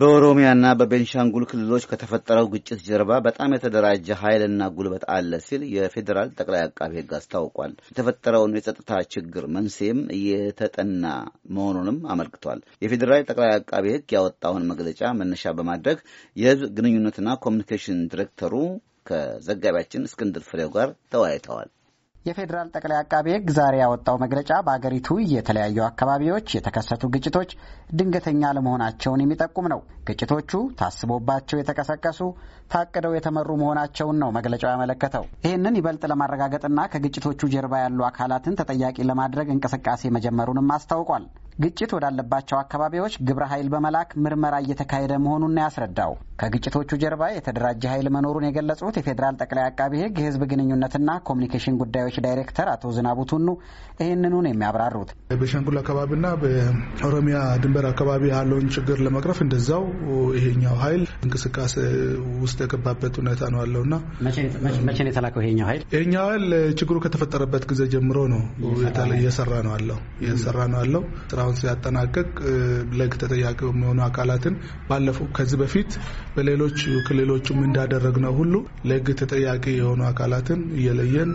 በኦሮሚያና በቤንሻንጉል ክልሎች ከተፈጠረው ግጭት ጀርባ በጣም የተደራጀ ኃይልና ጉልበት አለ ሲል የፌዴራል ጠቅላይ አቃቢ ሕግ አስታውቋል። የተፈጠረውን የጸጥታ ችግር መንስኤም እየተጠና መሆኑንም አመልክቷል። የፌዴራል ጠቅላይ አቃቢ ሕግ ያወጣውን መግለጫ መነሻ በማድረግ የህዝብ ግንኙነትና ኮሚኒኬሽን ዲሬክተሩ ከዘጋቢያችን እስክንድር ፍሬው ጋር ተወያይተዋል። የፌዴራል ጠቅላይ አቃቤ ሕግ ዛሬ ያወጣው መግለጫ በአገሪቱ የተለያዩ አካባቢዎች የተከሰቱ ግጭቶች ድንገተኛ ለመሆናቸውን የሚጠቁም ነው። ግጭቶቹ ታስቦባቸው የተቀሰቀሱ፣ ታቅደው የተመሩ መሆናቸውን ነው መግለጫው ያመለከተው። ይህንን ይበልጥ ለማረጋገጥና ከግጭቶቹ ጀርባ ያሉ አካላትን ተጠያቂ ለማድረግ እንቅስቃሴ መጀመሩንም አስታውቋል። ግጭት ወዳለባቸው አካባቢዎች ግብረ ኃይል በመላክ ምርመራ እየተካሄደ መሆኑን ያስረዳው። ከግጭቶቹ ጀርባ የተደራጀ ኃይል መኖሩን የገለጹት የፌዴራል ጠቅላይ አቃቢ ሕግ የህዝብ ግንኙነትና ኮሚኒኬሽን ጉዳዮች ዳይሬክተር አቶ ዝናቡ ቱኑ ይህንኑ ነው የሚያብራሩት። በሸንጉል አካባቢና በኦሮሚያ ድንበር አካባቢ ያለውን ችግር ለመቅረፍ እንደዛው ይሄኛው ኃይል እንቅስቃሴ ውስጥ የገባበት ሁኔታ ነው ያለውና መቼ ነው የተላከው? ይሄኛው ኃይል ይሄኛው ኃይል ችግሩ ከተፈጠረበት ጊዜ ጀምሮ ነው እየሰራ ነው ያለው እየሰራ ነው ያለው ስራ ስራውን ሲያጠናቀቅ ለግ ተጠያቂ የሚሆኑ አካላትን ባለፈው ከዚህ በፊት በሌሎች ክልሎችም እንዳደረግነው ሁሉ ለግ ተጠያቂ የሆኑ አካላትን እየለየን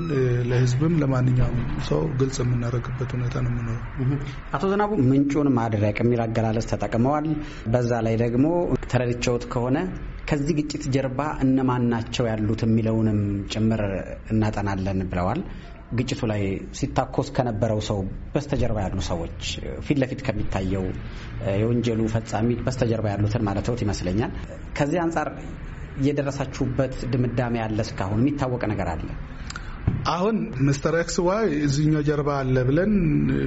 ለህዝብም ለማንኛውም ሰው ግልጽ የምናደርግበት ሁኔታ ነው የምኖረው። አቶ ዝናቡ ምንጩን ማድረቅ የሚል አገላለጽ ተጠቅመዋል። በዛ ላይ ደግሞ ተረድቸውት ከሆነ ከዚህ ግጭት ጀርባ እነማን ናቸው ያሉት የሚለውንም ጭምር እናጠናለን ብለዋል። ግጭቱ ላይ ሲታኮስ ከነበረው ሰው በስተጀርባ ያሉ ሰዎች ፊት ለፊት ከሚታየው የወንጀሉ ፈጻሚ በስተጀርባ ያሉትን ማለት ይመስለኛል። ከዚህ አንጻር የደረሳችሁበት ድምዳሜ አለ? እስካሁን የሚታወቅ ነገር አለ? አሁን ምስተር ኤክስ ዋይ እዚኛው ጀርባ አለ ብለን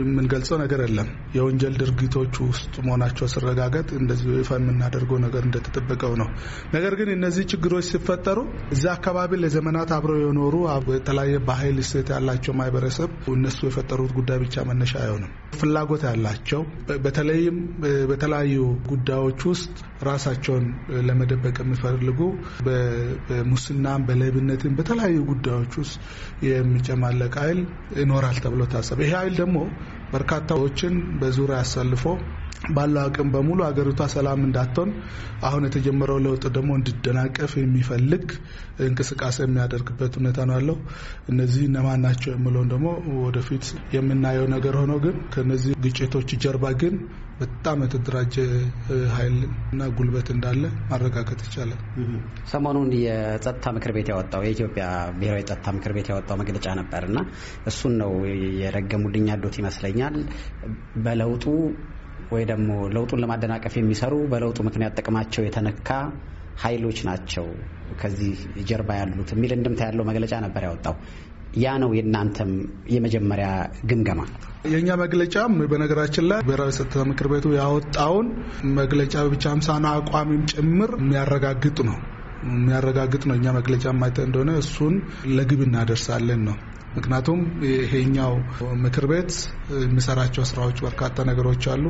የምንገልጸው ነገር የለም። የወንጀል ድርጊቶች ውስጥ መሆናቸው ስረጋገጥ እንደዚህ ይፋ የምናደርገው ነገር እንደተጠበቀው ነው። ነገር ግን እነዚህ ችግሮች ሲፈጠሩ እዚ አካባቢ ለዘመናት አብረው የኖሩ የተለያየ ባህል እሴት ያላቸው ማህበረሰብ እነሱ የፈጠሩት ጉዳይ ብቻ መነሻ አይሆንም። ፍላጎት ያላቸው በተለይም በተለያዩ ጉዳዮች ውስጥ ራሳቸውን ለመደበቅ የሚፈልጉ በሙስናም፣ በሌብነትም በተለያዩ ጉዳዮች ውስጥ የሚጨማለቅ ኃይል ይኖራል ተብሎ ታሰበ። ይሄ ኃይል ደግሞ በርካታዎችን በዙሪያ አሰልፎ ባለው አቅም በሙሉ አገሪቷ ሰላም እንዳትሆን አሁን የተጀመረው ለውጥ ደግሞ እንዲደናቀፍ የሚፈልግ እንቅስቃሴ የሚያደርግበት ሁኔታ ነው ያለው። እነዚህ እነማን ናቸው የምለውን ደግሞ ወደፊት የምናየው ነገር ሆኖ ግን ከነዚህ ግጭቶች ጀርባ ግን በጣም የተደራጀ ኃይል እና ጉልበት እንዳለ ማረጋገጥ ይቻላል። ሰሞኑን የጸጥታ ምክር ቤት ያወጣው የኢትዮጵያ ብሔራዊ ጸጥታ ምክር ቤት ያወጣው መግለጫ ነበር እና እሱን ነው የረገሙልኝ ያሉት ይመስለኛል በለውጡ ወይ ደግሞ ለውጡን ለማደናቀፍ የሚሰሩ በለውጡ ምክንያት ጥቅማቸው የተነካ ኃይሎች ናቸው ከዚህ ጀርባ ያሉት የሚል እንድምታ ያለው መግለጫ ነበር ያወጣው። ያ ነው የእናንተም የመጀመሪያ ግምገማ? የእኛ መግለጫም በነገራችን ላይ ብሔራዊ ጸጥታ ምክር ቤቱ ያወጣውን መግለጫ ብቻ ምሳና አቋሚም ጭምር የሚያረጋግጥ ነው የሚያረጋግጥ ነው። እኛ መግለጫ ማይተ እንደሆነ እሱን ለግብ እናደርሳለን ነው ምክንያቱም ይሄኛው ምክር ቤት የሚሰራቸው ስራዎች በርካታ ነገሮች አሉ።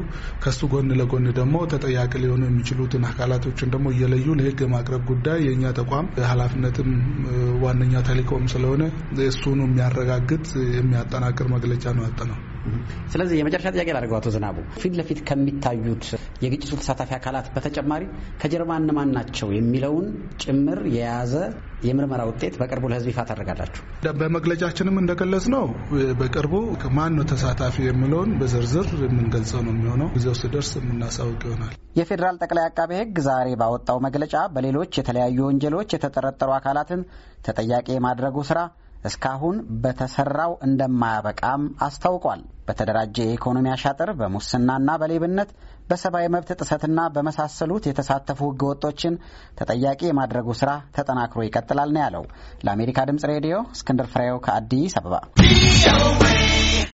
ከሱ ጎን ለጎን ደግሞ ተጠያቂ ሊሆኑ የሚችሉትን አካላቶችን ደግሞ እየለዩ ለህግ የማቅረብ ጉዳይ የእኛ ተቋም ኃላፊነትም ዋነኛ ተልእኮም ስለሆነ እሱኑ የሚያረጋግጥ የሚያጠናቅር መግለጫ ነው ያጠናው። ስለዚህ የመጨረሻ ጥያቄ ላድርገው። አቶ ዝናቡ ፊት ለፊት ከሚታዩት የግጭቱ ተሳታፊ አካላት በተጨማሪ ከጀርባ እነማን ናቸው የሚለውን ጭምር የያዘ የምርመራ ውጤት በቅርቡ ለህዝብ ይፋ ታደርጋላችሁ። በመግለጫችንም እንደገለጽ ነው በቅርቡ ማን ነው ተሳታፊ የሚለውን በዝርዝር የምንገልጸው ነው የሚሆነው። ጊዜው ስደርስ የምናሳውቅ ይሆናል። የፌዴራል ጠቅላይ አቃቤ ህግ ዛሬ ባወጣው መግለጫ በሌሎች የተለያዩ ወንጀሎች የተጠረጠሩ አካላትን ተጠያቂ የማድረጉ ስራ እስካሁን በተሰራው እንደማያበቃም አስታውቋል። በተደራጀ የኢኮኖሚ አሻጥር፣ በሙስናና በሌብነት በሰብአዊ መብት ጥሰትና በመሳሰሉት የተሳተፉ ህገወጦችን ተጠያቂ የማድረጉ ስራ ተጠናክሮ ይቀጥላል ነው ያለው። ለአሜሪካ ድምጽ ሬዲዮ እስክንድር ፍሬው ከአዲስ አበባ